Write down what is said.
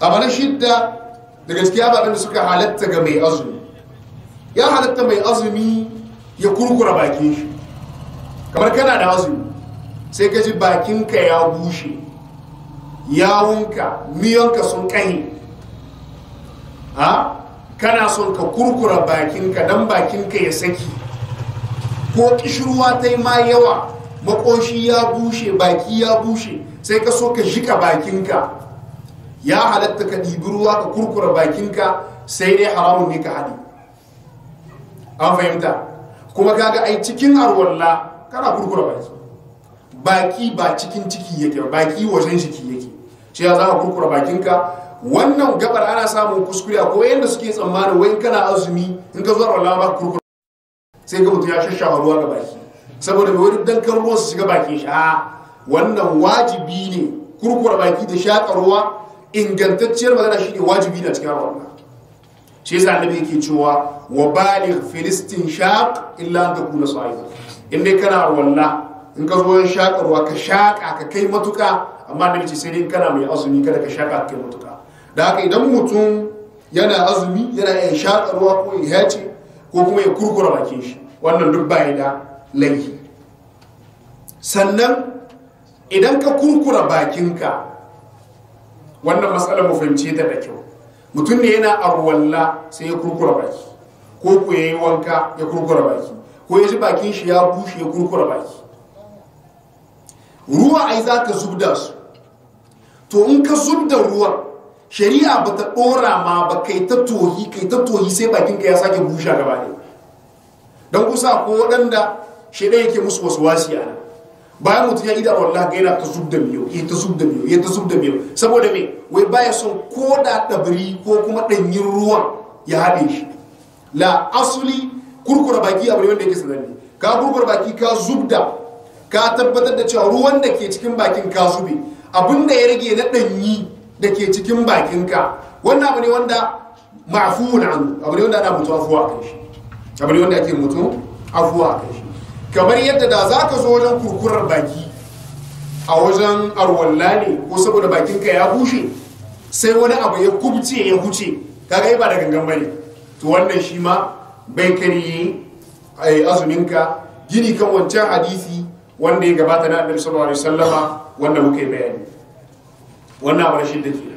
abu na shidda da gaskiya ba da suka halatta ga mai azumi ya halatta mai azumi ya kurkura bakin shi kamar kana da azumi sai ka ji bakinka ya bushe yawunka miyonka sun kahi ha kana son ka kurkura bakinka don bakinka ya saki ko kishirwa ta yi ma yawa makoshi ya bushe baki ya bushe sai ka so ka jika bakinka ya halatta ka ɗibi ruwa ka kurkura bakinka sai dai haramun ne ka haɗi an fahimta kuma kaga ai cikin arwalla kana kurkura baki baki ba cikin ciki yake ba. baki wajen ciki yake shi ya zama kurkura bakinka wannan gabar ana samun kuskure ko yanda suke tsammani wai kana azumi in ka zuwa arwalla ba kurkura sai ka mutum ya shashawa ruwa ga baki saboda bai wani dankar ruwa su shiga bakin shi a wannan wajibi ne kurkura baki da shaƙa ruwa ingantacciyar magana ne wajibi na cikin wannan shi yasa annabi yake cewa wa baligh filistin shaq illa da takuna sa'iba in dai kana walla in ka zo shakarwa ka shaka ka kai matuka amma ya ce sai dai kana mai azumi kada ka shaƙa ka kai matuka da haka idan mutum yana azumi yana iya shakarwa ko ya hace ko kuma ya kurkura bakin shi wannan duk bai da laifi sannan idan ka kurkura bakinka wannan matsala mu fahimce ta da kyau mutum ne yana arwalla sai ya kurkura baki ko ku yayi wanka ya kurkura baki ko ya ji bakin shi ya bushe ya kurkura baki ruwa ai za ka zubda su to in ka zubda ruwa shari'a ba ta ɗora ma ba kai ta tohi kai ta tohi sai bakin ka ya sake bushe gaba ne don kusa ko waɗanda shi yake musu wasu wasi a nan bayan mutum ya yi da wallah ga yana ta zub da miyo ya ta zub da miyo ya ta zub da miyo saboda me wai baya son ko da ɗabiri ko kuma ɗanyin ruwan ya haɗe shi la asuli kurkura baki a bari wanda yake sananne ka kurkura baki ka zub da ka tabbatar da cewa ruwan da ke cikin bakin ka zube abin da ya rage na ɗanyi da ke cikin ka wannan abu ne wanda ma'afuwun an abu ne wanda ana mutu afuwa a kai shi abu ne wanda ake mutu afuwa a kai shi kamar yadda da za ka zo wajen kurkurar baki a wajen arwalla ne ko saboda bakinka ya bushe sai wani abu ya kubce ya huce kaga ba da gangan bane to wannan shi ma bai kariye azuminka gini kan wancan hadisi wanda ya gabata na annabi sallallahu alaihi wasallama wanda muka bayani wannan abu rashin da ke